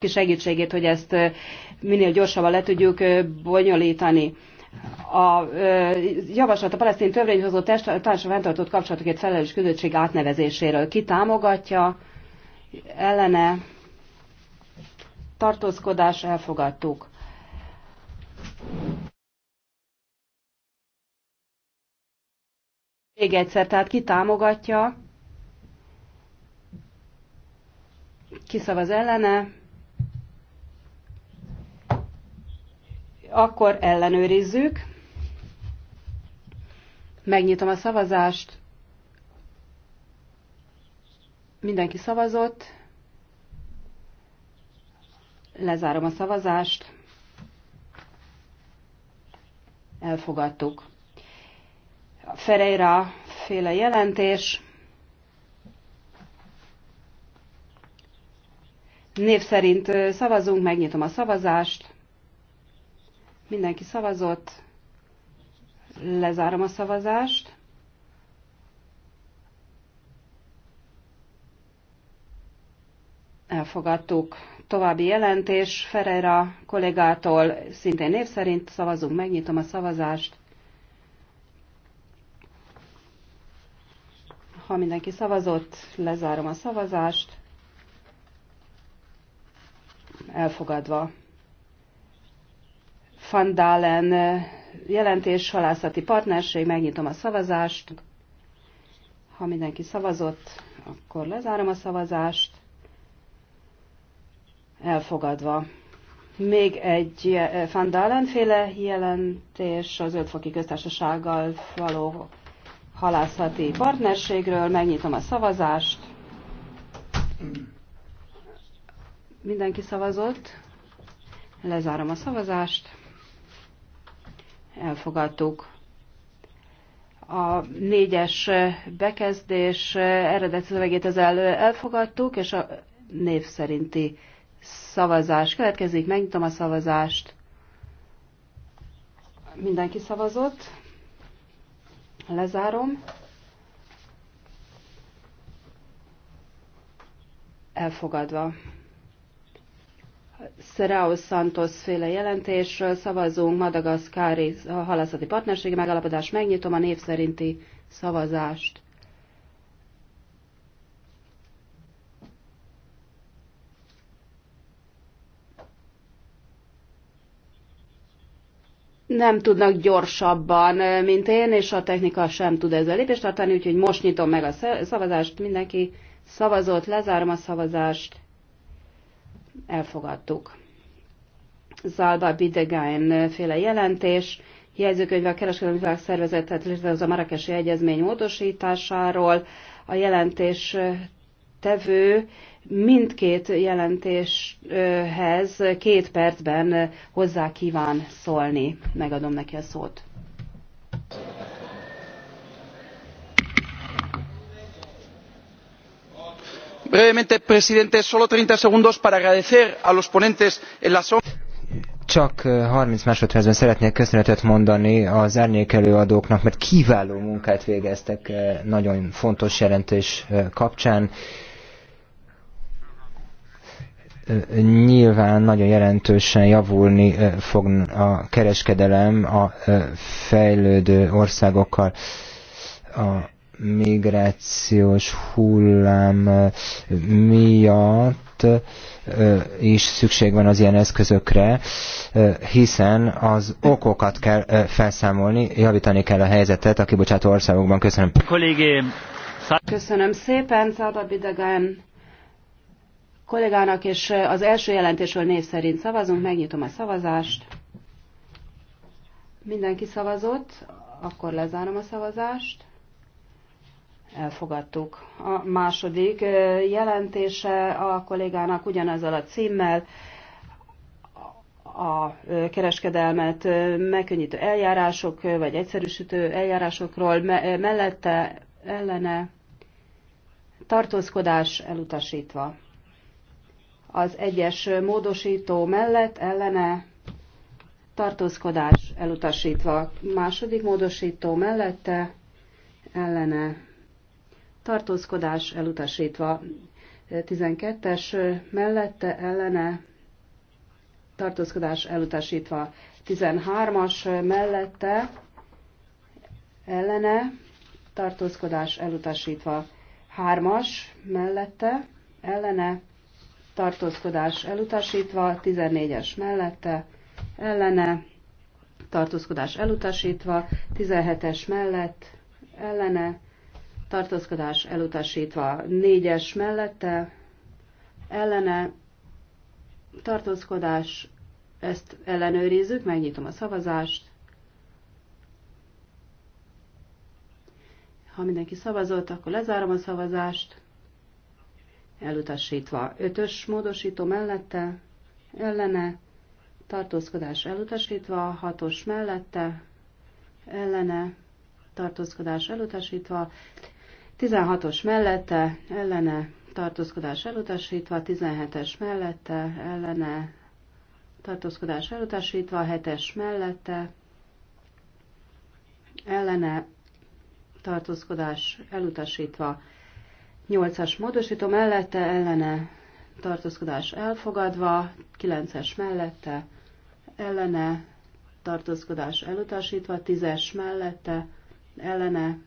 segítségét, hogy ezt minél gyorsabban le tudjuk bonyolítani. A javaslat a palesztin törvényhozó társadalmi fenntartott kapcsolatokért felelős közösség átnevezéséről. Ki támogatja, ellene tartózkodás elfogadtuk. Még egyszer, tehát ki támogatja, ki szavaz ellene, akkor ellenőrizzük. Megnyitom a szavazást. Mindenki szavazott. Lezárom a szavazást. Elfogadtuk. A Ferreira féle jelentés. Név szerint szavazunk, megnyitom a szavazást. Mindenki szavazott. Lezárom a szavazást. Elfogadtuk. További jelentés Ferreira kollégától szintén név szerint szavazunk, megnyitom a szavazást. Ha mindenki szavazott, lezárom a szavazást. Elfogadva. Van Dalen jelentés, halászati partnerség, megnyitom a szavazást. Ha mindenki szavazott, akkor lezárom a szavazást. Elfogadva. Még egy Van Dalen féle jelentés az Ötfoki Köztársasággal való halászati partnerségről. Megnyitom a szavazást. Mindenki szavazott. Lezárom a szavazást elfogadtuk. A négyes bekezdés eredeti szövegét elő elfogadtuk, és a név szerinti szavazás következik. Megnyitom a szavazást. Mindenki szavazott. Lezárom. Elfogadva. Serao Santos féle jelentésről szavazunk, Madagaszkári halászati partnerségi megállapodás, megnyitom a név szerinti szavazást. nem tudnak gyorsabban, mint én, és a technika sem tud ezzel lépést tartani, úgyhogy most nyitom meg a szavazást, mindenki szavazott, lezárom a szavazást elfogadtuk. Zalba Bidegain féle jelentés, jegyzőkönyve a kereskedelmi világszervezetet létrehoz a Marrakesi Egyezmény módosításáról. A jelentés tevő mindkét jelentéshez két percben hozzá kíván szólni. Megadom neki a szót. brevemente presidente solo treinta segundos para agradecer a los ponentes alternativos csak 30 eh, másodpercben szeretnék köszönetet mondani az árnyékelőadóknak, mert kiváló munkát végeztek eh, nagyon fontos jelentés eh, kapcsán. Nyilván nagyon jelentősen javulni fog a kereskedelem a fejlődő országokkal. A migrációs hullám miatt is szükség van az ilyen eszközökre, hiszen az okokat kell felszámolni, javítani kell a helyzetet a kibocsátó országokban. Köszönöm. Köszönöm szépen, Szaba Bidegán kollégának, és az első jelentésről név szerint szavazunk, megnyitom a szavazást. Mindenki szavazott, akkor lezárom a szavazást elfogadtuk. A második jelentése a kollégának ugyanezzel a címmel a kereskedelmet megkönnyítő eljárások, vagy egyszerűsítő eljárásokról mellette ellene tartózkodás elutasítva. Az egyes módosító mellett ellene tartózkodás elutasítva. Második módosító mellette ellene tartózkodás elutasítva. 12-es mellette ellene tartózkodás elutasítva. 13-as mellette ellene tartózkodás elutasítva. 3-as mellette ellene tartózkodás elutasítva, 14-es mellette ellene tartózkodás elutasítva, 17-es mellett ellene tartózkodás elutasítva. Négyes mellette ellene tartózkodás, ezt ellenőrizzük, megnyitom a szavazást. Ha mindenki szavazott, akkor lezárom a szavazást. Elutasítva. Ötös módosító mellette, ellene, tartózkodás elutasítva, hatos mellette, ellene, tartózkodás elutasítva, 16-os mellette, ellene, tartózkodás elutasítva, 17-es mellette, ellene, tartózkodás elutasítva, 7-es mellette, ellene, tartózkodás elutasítva, 8-as módosító mellette, ellene, tartózkodás elfogadva, 9-es mellette, ellene, tartózkodás elutasítva, 10-es mellette, ellene,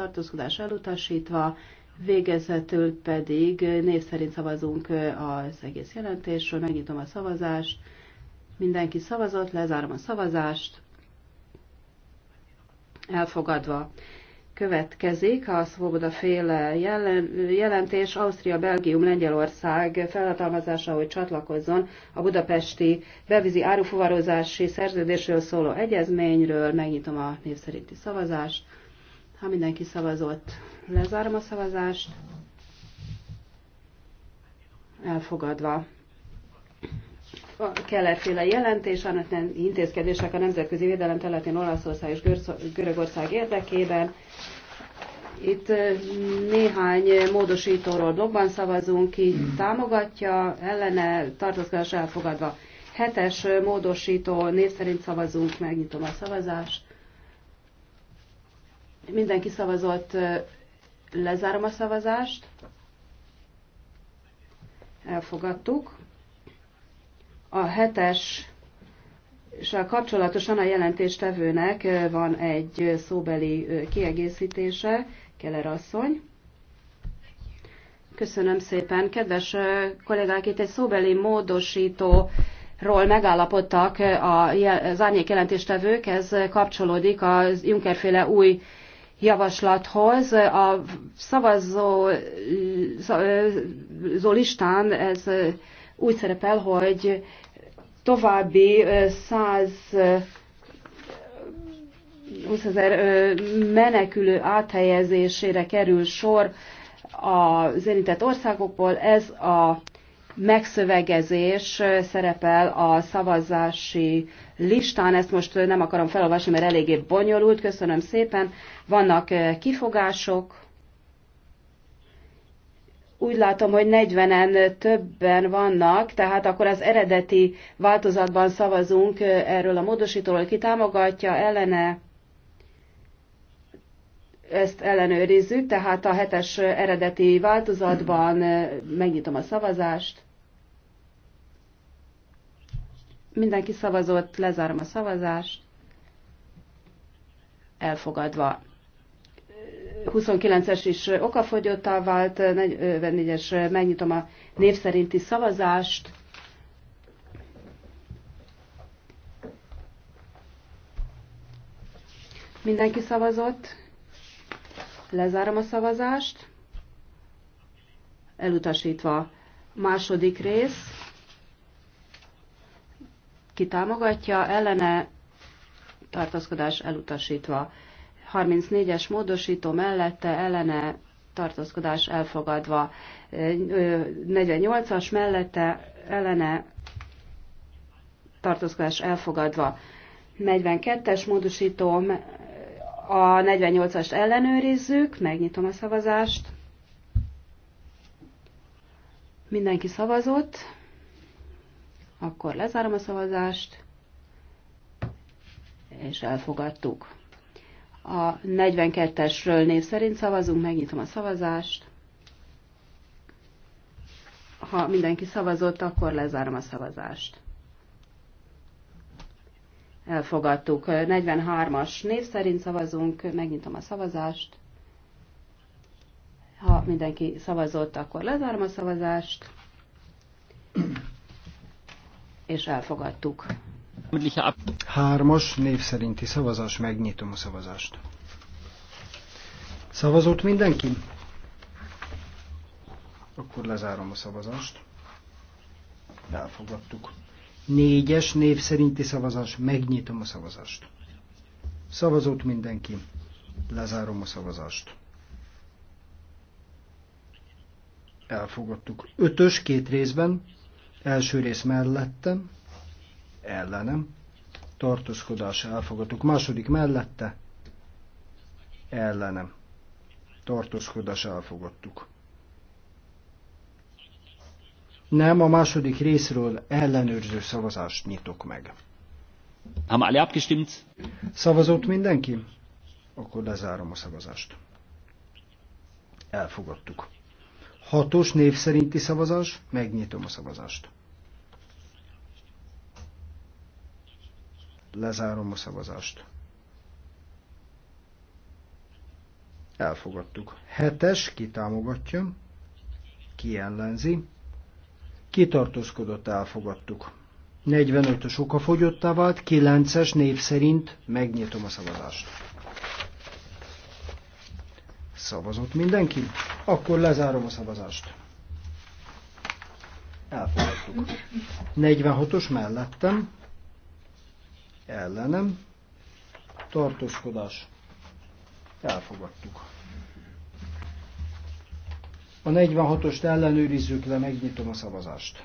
tartózkodás elutasítva, végezetül pedig név szerint szavazunk az egész jelentésről, megnyitom a szavazást, mindenki szavazott, lezárom a szavazást, elfogadva. Következik a Svoboda féle jelen, jelentés Ausztria, Belgium, Lengyelország felhatalmazása, hogy csatlakozzon a budapesti bevizi árufuvarozási szerződésről szóló egyezményről. Megnyitom a név szerinti szavazást. Ha mindenki szavazott, lezárom a szavazást. Elfogadva. A jelentés, annak nem intézkedések a nemzetközi védelem területén Olaszország és Görögország érdekében. Itt néhány módosítóról dobban szavazunk, ki támogatja, ellene, tartozkodás elfogadva. Hetes módosító név szerint szavazunk, megnyitom a szavazást. Mindenki szavazott, lezárom a szavazást. Elfogadtuk. A hetes és a kapcsolatosan a jelentéstevőnek van egy szóbeli kiegészítése, Keller asszony. Köszönöm szépen. Kedves kollégák, itt egy szóbeli módosító ról megállapodtak az árnyék jelentéstevők, ez kapcsolódik az juncker új javaslathoz. A szavazó, szavazó listán ez úgy szerepel, hogy további 100 20 ezer menekülő áthelyezésére kerül sor az érintett országokból. Ez a megszövegezés szerepel a szavazási listán. Ezt most nem akarom felolvasni, mert eléggé bonyolult. Köszönöm szépen. Vannak kifogások, úgy látom, hogy 40-en többen vannak, tehát akkor az eredeti változatban szavazunk erről a módosítóról, ki támogatja, ellene, ezt ellenőrizzük, tehát a hetes eredeti változatban megnyitom a szavazást. Mindenki szavazott, lezárom a szavazást. Elfogadva. 29-es is okafogyottá vált, 44-es megnyitom a név szerinti szavazást. Mindenki szavazott. Lezárom a szavazást. Elutasítva. Második rész. Ki támogatja, ellene tartaszkodás elutasítva. 34-es módosító mellette ellene tartózkodás elfogadva. 48-as mellette ellene tartózkodás elfogadva. 42-es módosító a 48 as ellenőrizzük, megnyitom a szavazást. Mindenki szavazott, akkor lezárom a szavazást, és elfogadtuk. A 42-esről név szerint szavazunk, megnyitom a szavazást. Ha mindenki szavazott, akkor lezárom a szavazást. Elfogadtuk. 43-as név szerint szavazunk, megnyitom a szavazást. Ha mindenki szavazott, akkor lezárom a szavazást. És elfogadtuk. Hármas név szerinti szavazás, megnyitom a szavazást. Szavazott mindenki? Akkor lezárom a szavazást. Elfogadtuk. Négyes név szerinti szavazás, megnyitom a szavazást. Szavazott mindenki. Lezárom a szavazást. Elfogadtuk. Ötös két részben. Első rész mellettem ellenem, tartózkodás elfogadtuk. Második mellette, ellenem, tartózkodás elfogadtuk. Nem, a második részről ellenőrző szavazást nyitok meg. Haben alle abgestimmt? Szavazott mindenki? Akkor lezárom a szavazást. Elfogadtuk. Hatos név szerinti szavazás, megnyitom a szavazást. Lezárom a szavazást. Elfogadtuk. Hetes, ki támogatja, ki ellenzi. Kitartózkodott, elfogadtuk. 45-ös okafogyottá vált, 9-es név szerint megnyitom a szavazást. Szavazott mindenki? Akkor lezárom a szavazást. Elfogadtuk. 46-os mellettem, ellenem, tartózkodás, elfogadtuk. A 46-ost ellenőrizzük le, megnyitom a szavazást.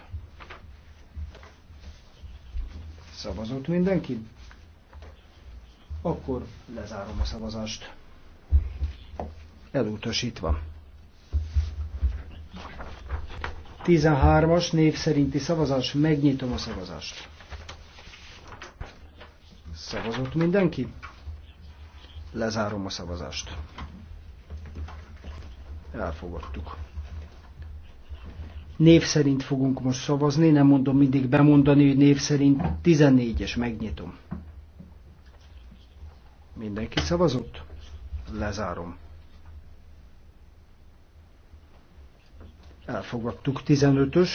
Szavazott mindenki? Akkor lezárom a szavazást. Elutasítva. 13-as név szerinti szavazás, megnyitom a szavazást. Szavazott mindenki? Lezárom a szavazást. Elfogadtuk. Név szerint fogunk most szavazni, nem mondom mindig bemondani, hogy név szerint 14-es megnyitom. Mindenki szavazott? Lezárom. Elfogadtuk 15-ös,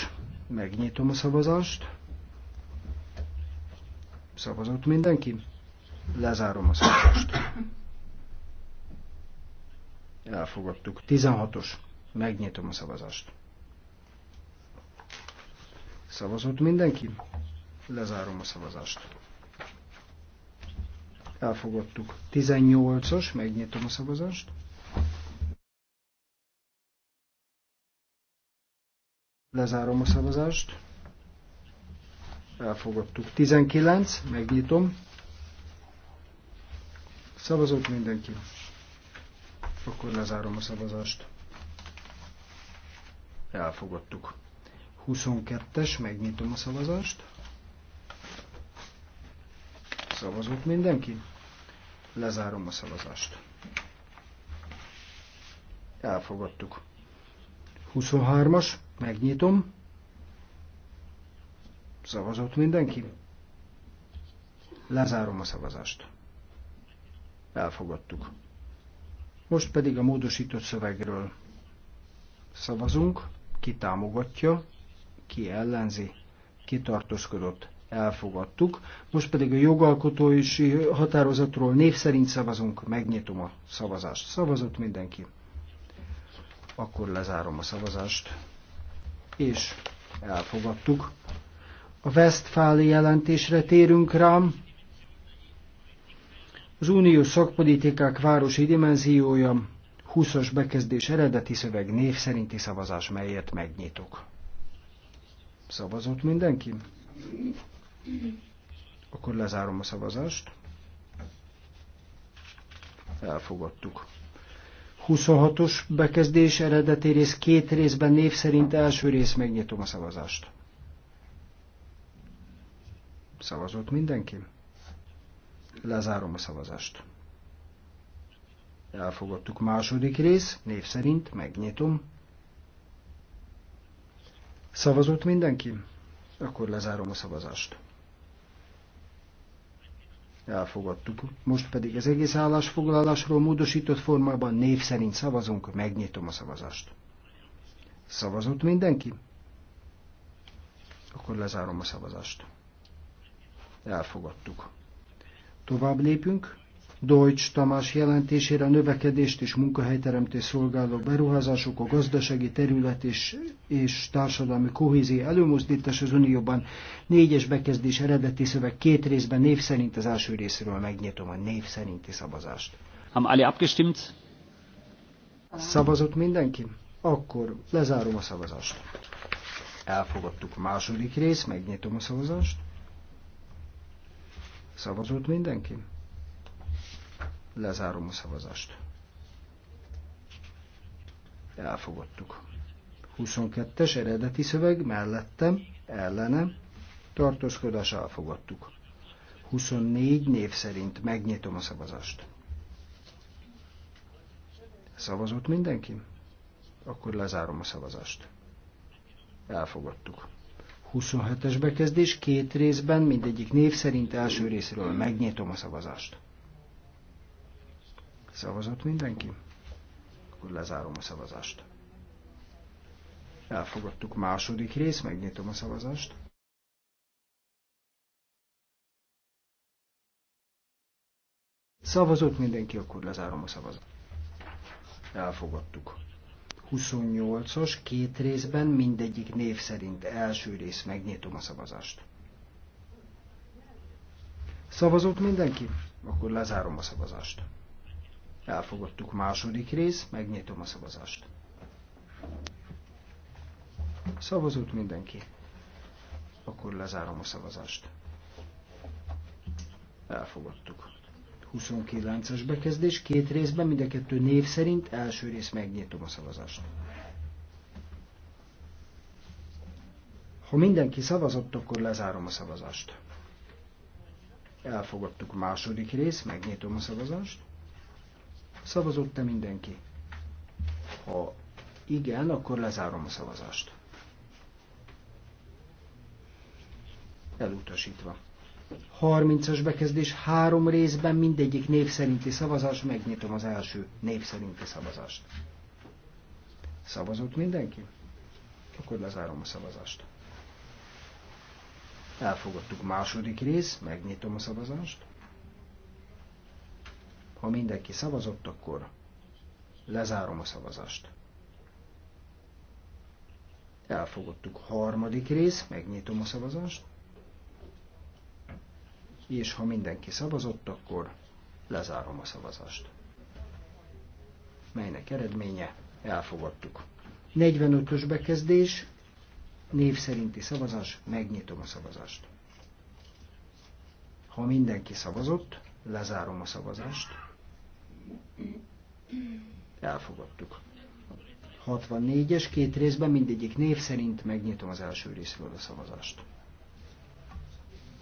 megnyitom a szavazást. Szavazott mindenki? Lezárom a szavazást. Elfogadtuk. 16-os. Megnyitom a szavazást. Szavazott mindenki? Lezárom a szavazást. Elfogadtuk. 18-os, megnyitom a szavazást. Lezárom a szavazást elfogadtuk. 19, megnyitom. Szavazott mindenki. Akkor lezárom a szavazást. Elfogadtuk. 22-es, megnyitom a szavazást. Szavazott mindenki? Lezárom a szavazást. Elfogadtuk. 23-as, megnyitom. Szavazott mindenki? Lezárom a szavazást. Elfogadtuk. Most pedig a módosított szövegről szavazunk, ki támogatja, ki ellenzi, ki tartózkodott, elfogadtuk. Most pedig a jogalkotói határozatról név szerint szavazunk, megnyitom a szavazást. Szavazott mindenki? Akkor lezárom a szavazást, és elfogadtuk a Westfáli jelentésre térünk rám. Az uniós szakpolitikák városi dimenziója, 20-as bekezdés eredeti szöveg név szerinti szavazás, melyet megnyitok. Szavazott mindenki? Akkor lezárom a szavazást. Elfogadtuk. 26-os bekezdés eredeti rész két részben név szerint első rész megnyitom a szavazást. Szavazott mindenki? Lezárom a szavazást. Elfogadtuk második rész, név szerint megnyitom. Szavazott mindenki? Akkor lezárom a szavazást. Elfogadtuk. Most pedig az egész állásfoglalásról módosított formában név szerint szavazunk, megnyitom a szavazást. Szavazott mindenki? Akkor lezárom a szavazást elfogadtuk. Tovább lépünk. Deutsch Tamás jelentésére a növekedést és munkahelyteremtés szolgáló beruházások, a gazdasági terület és, és társadalmi kohézió előmozdítás az Unióban. Négyes bekezdés eredeti szöveg két részben név szerint az első részről megnyitom a név szerinti szavazást. Am alle abgestimmt? Szavazott mindenki? Akkor lezárom a szavazást. Elfogadtuk a második rész, megnyitom a szavazást. Szavazott mindenki? Lezárom a szavazást. Elfogadtuk. 22-es eredeti szöveg mellettem, ellenem, tartózkodás elfogadtuk. 24 név szerint megnyitom a szavazást. Szavazott mindenki? Akkor lezárom a szavazást. Elfogadtuk. 27-es bekezdés két részben, mindegyik név szerint első részről megnyitom a szavazást. Szavazott mindenki? Akkor lezárom a szavazást. Elfogadtuk második rész, megnyitom a szavazást. Szavazott mindenki, akkor lezárom a szavazást. Elfogadtuk. 28-as, két részben, mindegyik név szerint. Első rész, megnyitom a szavazást. Szavazott mindenki? Akkor lezárom a szavazást. Elfogadtuk második rész, megnyitom a szavazást. Szavazott mindenki? Akkor lezárom a szavazást. Elfogadtuk. 29 es bekezdés, két részben, mind a kettő név szerint, első rész megnyitom a szavazást. Ha mindenki szavazott, akkor lezárom a szavazást. Elfogadtuk második rész, megnyitom a szavazást. Szavazott-e mindenki? Ha igen, akkor lezárom a szavazást. Elutasítva. 30-as bekezdés három részben, mindegyik név szerinti szavazás, megnyitom az első név szerinti szavazást. Szavazott mindenki? Akkor lezárom a szavazást. Elfogadtuk második rész, megnyitom a szavazást. Ha mindenki szavazott, akkor lezárom a szavazást. Elfogadtuk harmadik rész, megnyitom a szavazást és ha mindenki szavazott, akkor lezárom a szavazást. Melynek eredménye? Elfogadtuk. 45-ös bekezdés, név szerinti szavazás, megnyitom a szavazást. Ha mindenki szavazott, lezárom a szavazást. Elfogadtuk. 64-es, két részben mindegyik név szerint megnyitom az első részről a szavazást.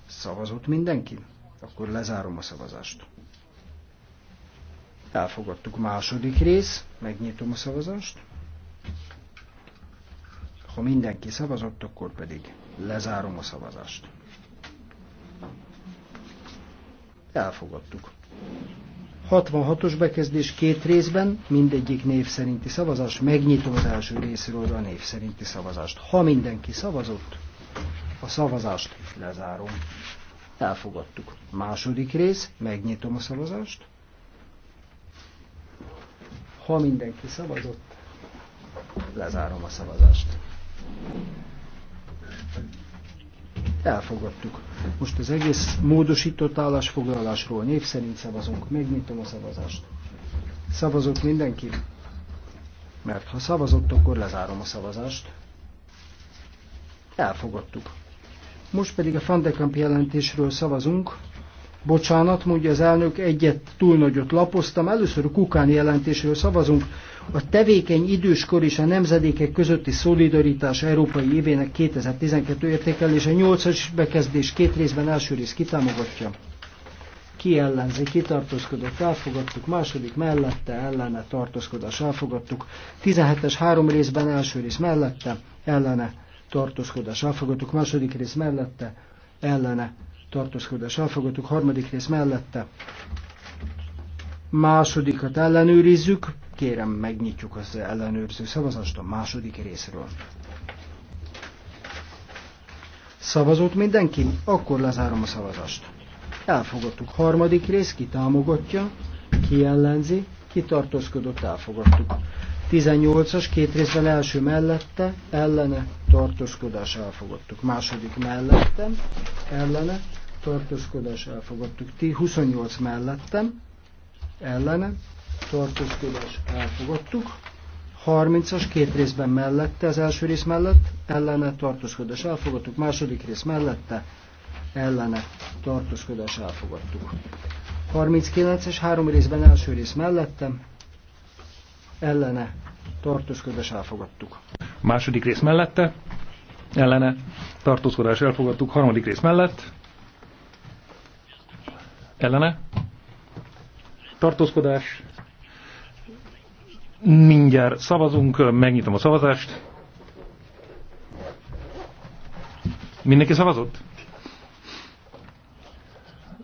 Szavazott mindenki? Akkor lezárom a szavazást. Elfogadtuk második rész, megnyitom a szavazást. Ha mindenki szavazott, akkor pedig lezárom a szavazást. Elfogadtuk. 66-os bekezdés két részben, mindegyik név szerinti szavazás, megnyitom az első részről a név szerinti szavazást. Ha mindenki szavazott, a szavazást lezárom. Elfogadtuk. Második rész, megnyitom a szavazást. Ha mindenki szavazott, lezárom a szavazást. Elfogadtuk. Most az egész módosított állásfoglalásról név szerint szavazunk. Megnyitom a szavazást. Szavazott mindenki? Mert ha szavazott, akkor lezárom a szavazást. Elfogadtuk. Most pedig a Fandekamp jelentésről szavazunk. Bocsánat, mondja az elnök, egyet túl nagyot lapoztam. Először a Kukán jelentésről szavazunk. A tevékeny időskor és a nemzedékek közötti szolidaritás Európai évének 2012 értékelése 8-as bekezdés két részben első rész kitámogatja. Ki ellenzi, kitartózkodott, elfogadtuk, második mellette, ellene tartózkodás, elfogadtuk. 17-es három részben első rész mellette, ellene tartózkodás elfogadtuk, második rész mellette, ellene tartózkodás elfogadtuk, harmadik rész mellette, másodikat ellenőrizzük, kérem megnyitjuk az ellenőrző szavazást a második részről. Szavazott mindenki? Akkor lezárom a szavazást. Elfogadtuk harmadik rész, ki támogatja, ki ellenzi, ki tartózkodott, elfogadtuk. 18-as két részben első mellette, ellene, tartózkodás elfogadtuk. Második mellettem, ellene, tartózkodás elfogadtuk. Ti 28 mellettem, ellene, tartózkodás elfogadtuk. 30-as két részben mellette, az első rész mellett, ellene, tartózkodás elfogadtuk. Második rész mellette, ellene, tartózkodás elfogadtuk. 39-es három részben első rész mellettem, ellene tartózkodás elfogadtuk. Második rész mellette, ellene tartózkodás elfogadtuk. Harmadik rész mellett, ellene tartózkodás. Mindjárt szavazunk, megnyitom a szavazást. Mindenki szavazott?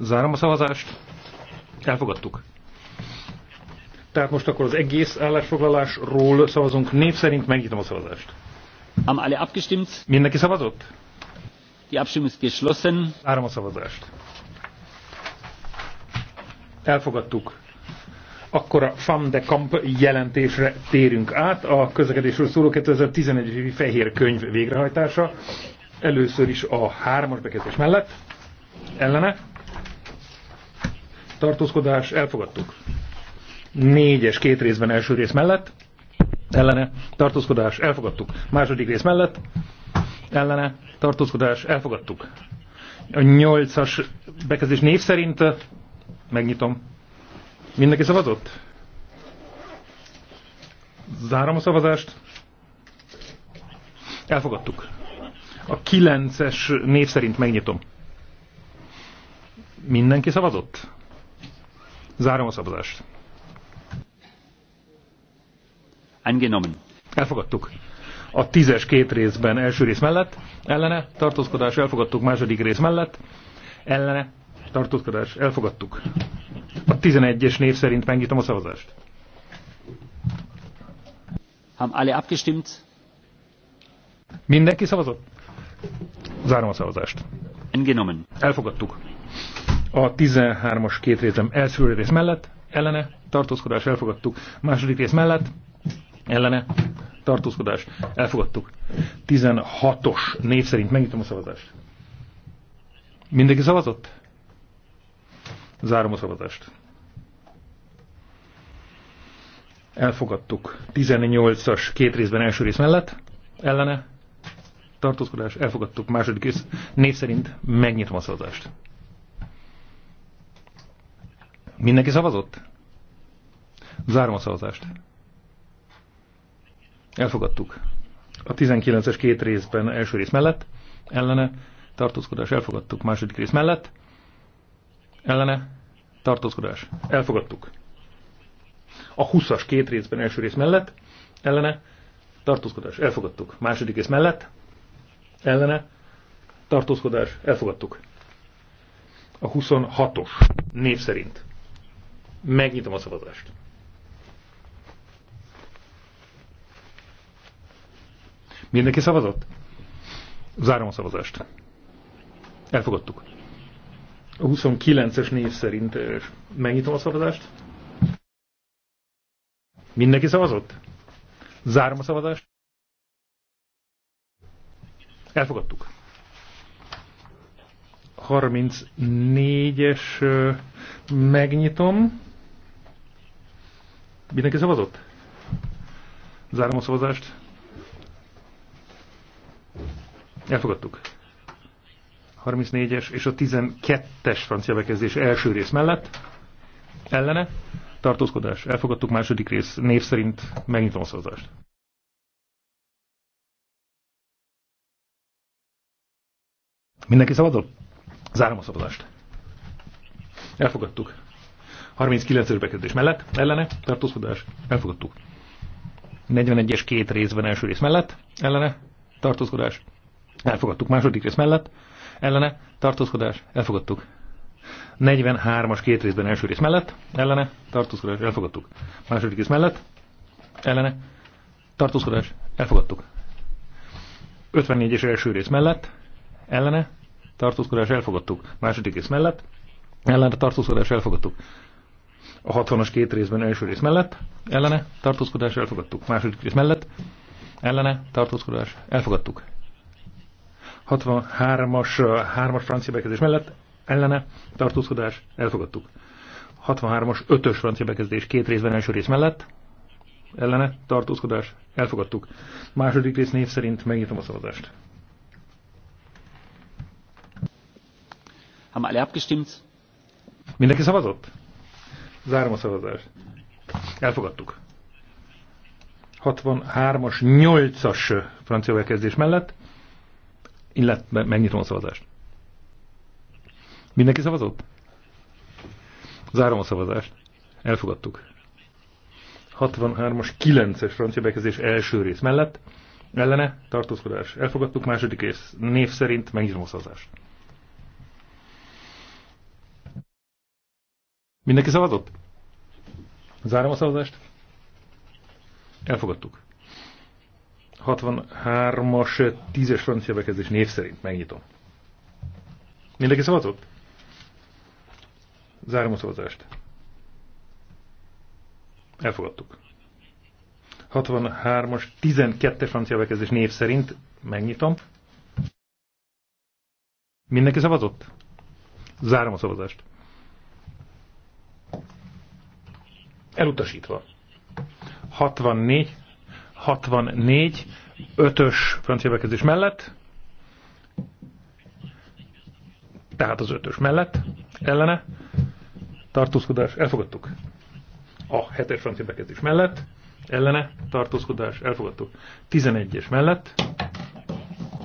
Zárom a szavazást. Elfogadtuk. Tehát most akkor az egész állásfoglalásról szavazunk név szerint, megnyitom a szavazást. Am alle abgestimmt? Mindenki szavazott? Die Abstimmung ist geschlossen. Zárom a szavazást. Elfogadtuk. Akkor a Fam de Kamp jelentésre térünk át. A közlekedésről szóló 2011 évi fehér könyv végrehajtása. Először is a hármas bekezdés mellett. Ellene. Tartózkodás. Elfogadtuk négyes két részben első rész mellett, ellene, tartózkodás, elfogadtuk. Második rész mellett, ellene, tartózkodás, elfogadtuk. A nyolcas bekezdés név szerint megnyitom. Mindenki szavazott? Zárom a szavazást. Elfogadtuk. A kilences név szerint megnyitom. Mindenki szavazott? Zárom a szavazást. Angenommen. Elfogadtuk. A tízes két részben első rész mellett, ellene, tartózkodás, elfogadtuk második rész mellett, ellene, tartózkodás, elfogadtuk. A tizenegyes név szerint megnyitom a szavazást. Haben alle abgestimmt? Mindenki szavazott? Zárom a szavazást. Angenommen. Elfogadtuk. A 13-as két részem első rész mellett, ellene, tartózkodás elfogadtuk. Második rész mellett, ellene tartózkodás elfogadtuk. 16-os név szerint megnyitom a szavazást. Mindenki szavazott? Zárom a szavazást. Elfogadtuk. 18-as két részben első rész mellett. Ellene. Tartózkodás. Elfogadtuk. Második rész. Név szerint megnyitom a szavazást. Mindenki szavazott? Zárom a szavazást. Elfogadtuk. A 19-es két részben első rész mellett, ellene, tartózkodás, elfogadtuk. Második rész mellett, ellene, tartózkodás, elfogadtuk. A 20-as két részben első rész mellett, ellene, tartózkodás, elfogadtuk. Második rész mellett, ellene, tartózkodás, elfogadtuk. A 26-os név szerint. Megnyitom a szavazást. Mindenki szavazott? Zárom a szavazást. Elfogadtuk. A 29-es név szerint megnyitom a szavazást. Mindenki szavazott? Zárom a szavazást. Elfogadtuk. 34-es megnyitom. Mindenki szavazott? Zárom a szavazást. Elfogadtuk. 34-es és a 12-es francia bekezdés első rész mellett. Ellene. Tartózkodás. Elfogadtuk második rész. Név szerint megnyitom a szavazást. Mindenki szabadul? Zárom a szavazást. Elfogadtuk. 39-es bekezdés mellett, ellene, tartózkodás, elfogadtuk. 41-es két részben első rész mellett, ellene, tartózkodás, Elfogadtuk. Második rész mellett. Ellene. Tartózkodás. Elfogadtuk. 43-as két részben első rész mellett. Ellene. Tartózkodás. Elfogadtuk. Második rész mellett. Ellene. Tartózkodás. Elfogadtuk. 54-es első rész mellett. Ellene. Tartózkodás. Elfogadtuk. Második rész mellett. Ellene. Tartózkodás. Elfogadtuk a 60-as két részben első rész mellett, ellene, tartózkodás, elfogadtuk. Második rész mellett, ellene, tartózkodás, elfogadtuk. 63-as, 3-as francia bekezdés mellett ellene tartózkodás elfogadtuk. 63-as, 5-ös francia bekezdés két részben első rész mellett ellene tartózkodás elfogadtuk. Második rész név szerint megnyitom a szavazást. Haben alle abgestimmt? Mindenki szavazott? Zárom a szavazást. Elfogadtuk. 63-as, 8-as francia bekezdés mellett illetve megnyitom a szavazást. Mindenki szavazott? Zárom a szavazást. Elfogadtuk. 63-as 9-es francia bekezdés első rész mellett. Ellene tartózkodás. Elfogadtuk második rész. Név szerint megnyitom a szavazást. Mindenki szavazott? Zárom a szavazást. Elfogadtuk. 63-as 10-es francia bekezdés név szerint. Megnyitom. Mindenki szavazott? Zárom a szavazást. Elfogadtuk. 63-as 12-es francia bekezdés név szerint. Megnyitom. Mindenki szavazott? Zárom a szavazást. Elutasítva. 64 64, 5-ös francia mellett, tehát az 5-ös mellett, ellene, tartózkodás, elfogadtuk. A 7-es francia bekezdés mellett, ellene, tartózkodás, elfogadtuk. 11-es mellett,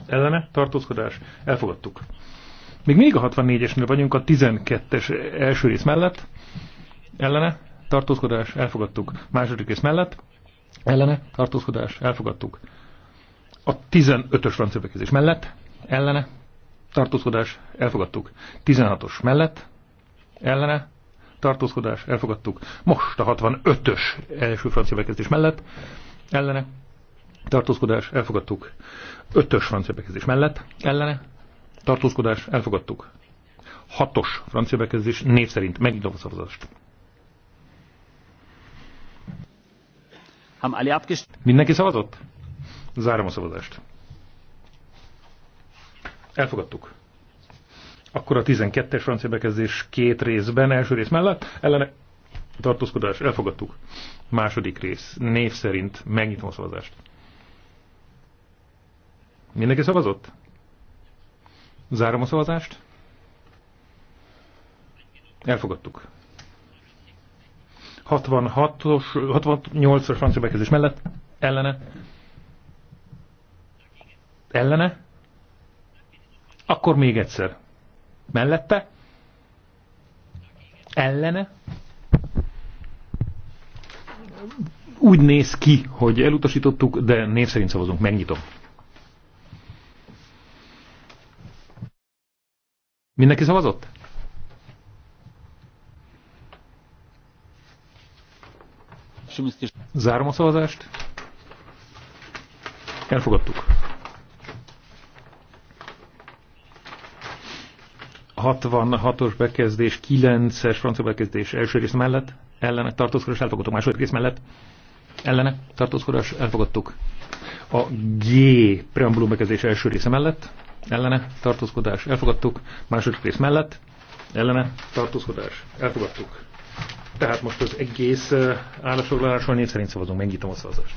ellene, tartózkodás, elfogadtuk. Még még a 64-esnél vagyunk, a 12-es első rész mellett, ellene, tartózkodás, elfogadtuk. Második rész mellett, ellene tartózkodás elfogadtuk. A 15-ös francia bekezés mellett ellene tartózkodás elfogadtuk. 16-os mellett ellene tartózkodás elfogadtuk. Most a 65-ös első francia bekezés mellett ellene tartózkodás elfogadtuk. 5-ös francia bekezés mellett ellene tartózkodás elfogadtuk. 6-os francia bekezdés név szerint megnyitom a szavazást. Mindenki szavazott? Zárom a szavazást. Elfogadtuk. Akkor a 12-es francia bekezdés két részben, első rész mellett, ellene tartózkodás, elfogadtuk. Második rész, név szerint megnyitom a szavazást. Mindenki szavazott? Zárom a szavazást. Elfogadtuk. 66 68-os francia bekezdés mellett ellene. Ellene? Akkor még egyszer. Mellette? Ellene? Úgy néz ki, hogy elutasítottuk, de név szerint szavazunk. Megnyitom. Mindenki szavazott? Zárom a szavazást. Elfogadtuk. 66-os bekezdés, 9-es francia bekezdés első rész mellett, ellene tartózkodás elfogadtuk, második rész mellett, ellene tartózkodás elfogadtuk. A G preambulum bekezdés első része mellett, ellene tartózkodás elfogadtuk, második rész mellett, ellene tartózkodás elfogadtuk. Tehát most az egész állásfoglalásról név szerint szavazunk. Megnyitom a szavazást.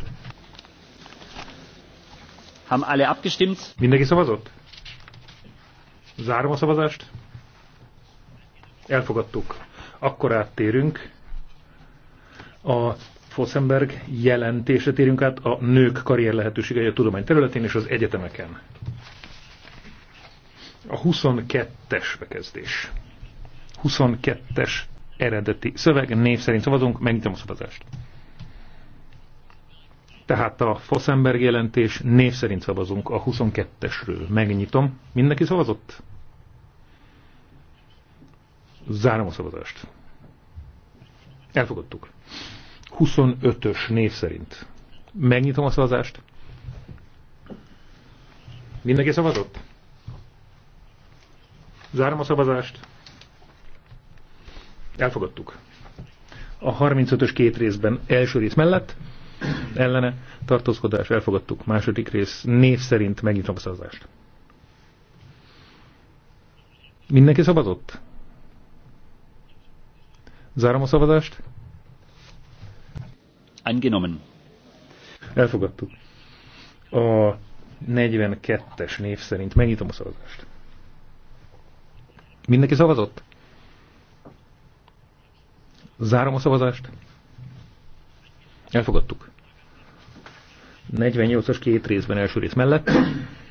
Haben alle abgestimmt? Mindenki szavazott? Zárom a szavazást. Elfogadtuk. Akkor áttérünk a Fossenberg jelentésre térünk át a nők karrier lehetőségei a tudomány területén és az egyetemeken. A 22-es bekezdés. 22-es eredeti szöveg, név szerint szavazunk, megnyitom a szavazást. Tehát a Fossenberg jelentés név szerint szavazunk a 22-esről. Megnyitom. Mindenki szavazott? Zárom a szavazást. Elfogadtuk. 25-ös név szerint. Megnyitom a szavazást. Mindenki szavazott? Zárom a szavazást. Elfogadtuk. A 35-ös két részben első rész mellett, ellene, tartózkodás, elfogadtuk. Második rész név szerint megnyitom a szavazást. Mindenki szavazott? Zárom a szavazást. Angenommen. Elfogadtuk. A 42-es név szerint megnyitom a szavazást. Mindenki szavazott? Zárom a szavazást. Elfogadtuk. 48-as két részben első rész mellett.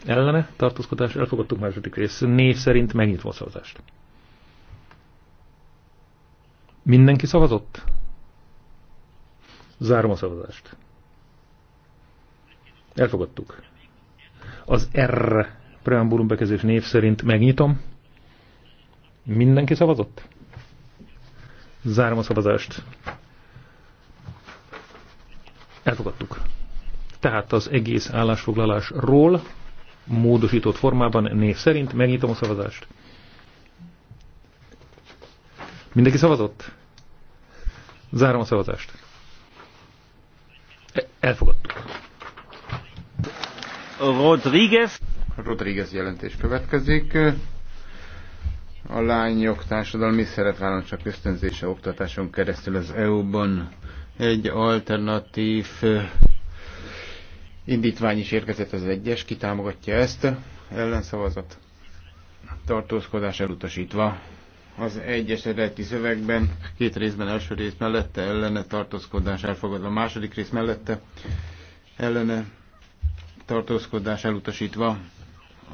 Ellene tartózkodás, elfogadtuk második rész. Név szerint megnyitva a szavazást. Mindenki szavazott? Zárom a szavazást. Elfogadtuk. Az R preambulum bekezés név szerint megnyitom. Mindenki szavazott? Zárom a szavazást. Elfogadtuk. Tehát az egész állásfoglalásról módosított formában név szerint megnyitom a szavazást. Mindenki szavazott? Zárom a szavazást. E- elfogadtuk. Rodríguez. Rodríguez jelentés következik a lányok társadalmi szerepvállal csak ösztönzése oktatáson keresztül az EU-ban egy alternatív indítvány is érkezett az egyes, kitámogatja ezt, ellenszavazat tartózkodás elutasítva. Az egyes eredeti szövegben két részben első rész mellette ellene tartózkodás elfogadva, a második rész mellette ellene tartózkodás elutasítva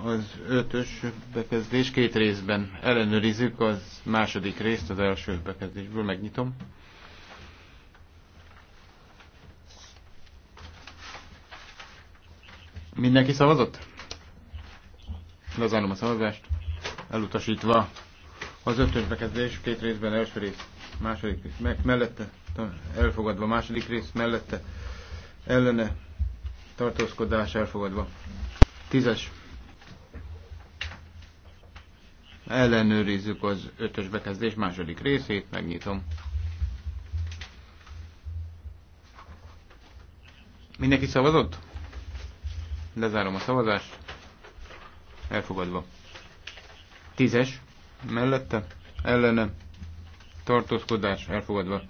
az ötös bekezdés két részben. Ellenőrizzük az második részt az első bekezdésből, megnyitom. Mindenki szavazott? Lezárom a szavazást. Elutasítva az ötös bekezdés két részben első rész, második rész meg, mellette, elfogadva második rész mellette, ellene tartózkodás elfogadva. Tízes ellenőrizzük az ötös bekezdés második részét, megnyitom. Mindenki szavazott? Lezárom a szavazást. Elfogadva. Tízes. Mellette. Ellene. Tartózkodás. Elfogadva.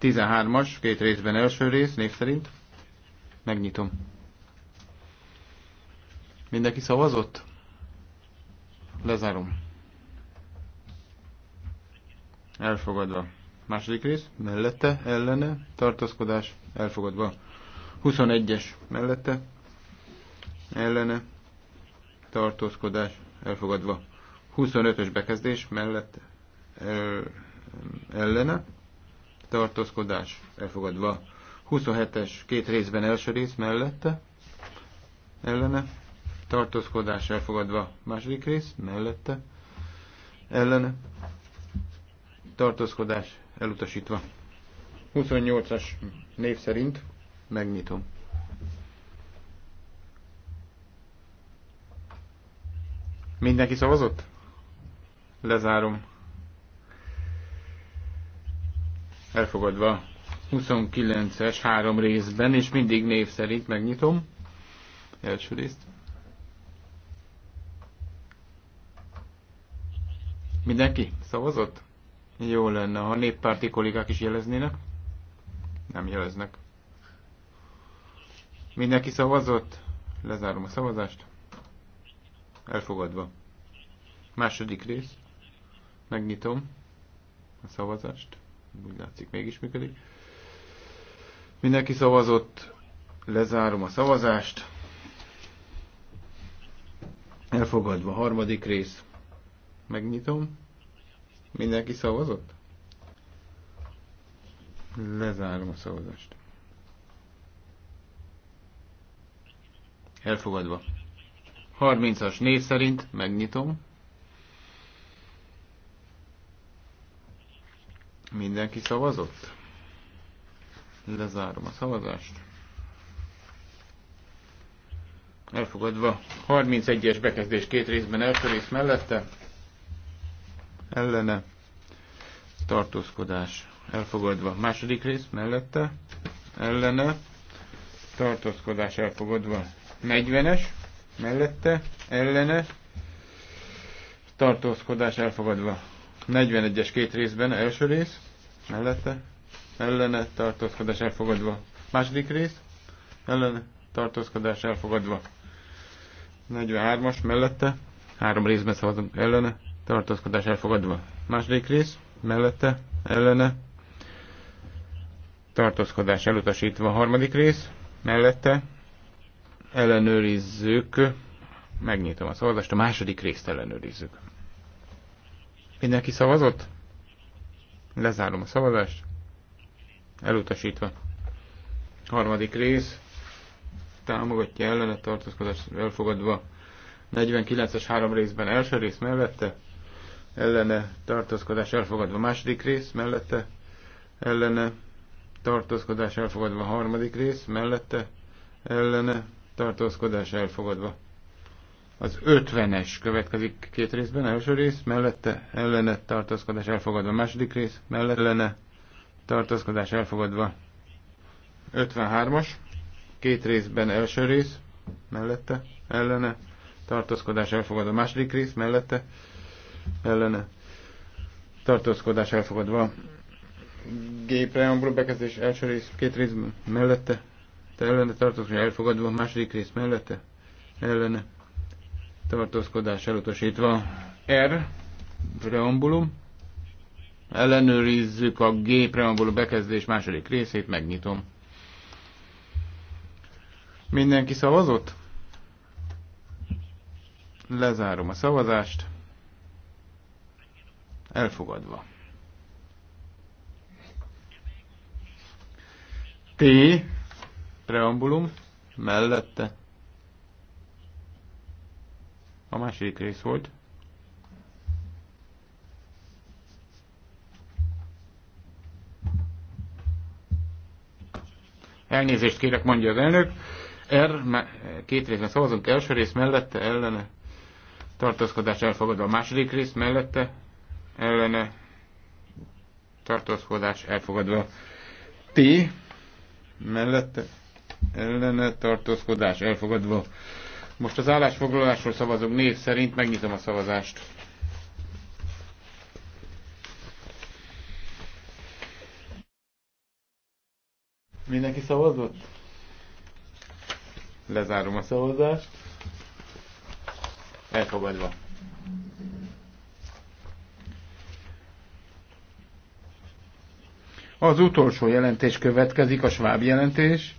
13-as. Két részben első rész. Név szerint. Megnyitom. Mindenki szavazott? Lezárom elfogadva. Második rész, mellette, ellene, tartaszkodás, elfogadva. 21-es, mellette, ellene, tartózkodás, elfogadva. 25-ös bekezdés, mellette, el, ellene, tartózkodás, elfogadva. 27-es, két részben első rész, mellette, ellene, tartózkodás, elfogadva. Második rész, mellette, ellene, tartózkodás elutasítva. 28-as név szerint megnyitom. Mindenki szavazott? Lezárom. Elfogadva. 29-es három részben, és mindig név szerint megnyitom. Első részt. Mindenki szavazott? Jó lenne, ha néppárti kollégák is jeleznének. Nem jeleznek. Mindenki szavazott. Lezárom a szavazást. Elfogadva. Második rész. Megnyitom a szavazást. Úgy látszik, mégis működik. Mindenki szavazott. Lezárom a szavazást. Elfogadva. Harmadik rész. Megnyitom. Mindenki szavazott? Lezárom a szavazást. Elfogadva. 30-as név szerint megnyitom. Mindenki szavazott? Lezárom a szavazást. Elfogadva. 31-es bekezdés két részben első rész mellette ellene tartózkodás elfogadva. Második rész mellette ellene tartózkodás elfogadva. 40-es mellette ellene tartózkodás elfogadva. 41-es két részben első rész mellette ellene tartózkodás elfogadva. Második rész ellene tartózkodás elfogadva. 43-as mellette három részben szavazunk ellene tartózkodás elfogadva. Második rész, mellette, ellene, tartózkodás elutasítva. Harmadik rész, mellette, ellenőrizzük, megnyitom a szavazást, a második részt ellenőrizzük. Mindenki szavazott? Lezárom a szavazást. Elutasítva. Harmadik rész. Támogatja ellene tartózkodás elfogadva. 49-es három részben első rész mellette ellene tartózkodás elfogadva második rész, mellette ellene tartózkodás elfogadva harmadik rész, mellette ellene tartózkodás elfogadva. Az ötvenes következik két részben, első rész, mellette ellene tartózkodás elfogadva második rész, mellette ellene tartózkodás elfogadva. 53-as, két részben első rész, mellette, ellene, tartózkodás elfogadva második rész, mellette, ellene tartózkodás elfogadva. G preambul bekezdés első rész, két rész mellette, te ellene tartózkodás elfogadva, második rész mellette, ellene tartózkodás elutasítva. R preambulum ellenőrizzük a G preambulum bekezdés második részét, megnyitom. Mindenki szavazott? Lezárom a szavazást elfogadva. T. Preambulum mellette. A második rész volt. Elnézést kérek, mondja az elnök. R, két részben szavazunk, első rész mellette, ellene, tartózkodás elfogadva a második rész mellette, ellene tartózkodás elfogadva. T mellette ellene tartózkodás elfogadva. Most az állásfoglalásról szavazunk név szerint, megnyitom a szavazást. Mindenki szavazott? Lezárom a szavazást. Elfogadva. Az utolsó jelentés következik, a Schwab jelentés.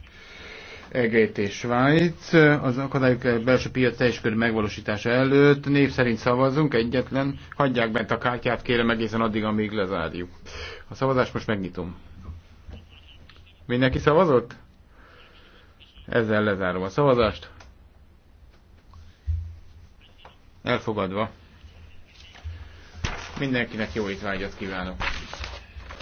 EGT és Svájc, az akadályok belső piac teljes körű megvalósítása előtt. Név szerint szavazunk, egyetlen. Hagyják bent a kártyát, kérem egészen addig, amíg lezárjuk. A szavazást most megnyitom. Mindenki szavazott? Ezzel lezárom a szavazást. Elfogadva. Mindenkinek jó étvágyat kívánok!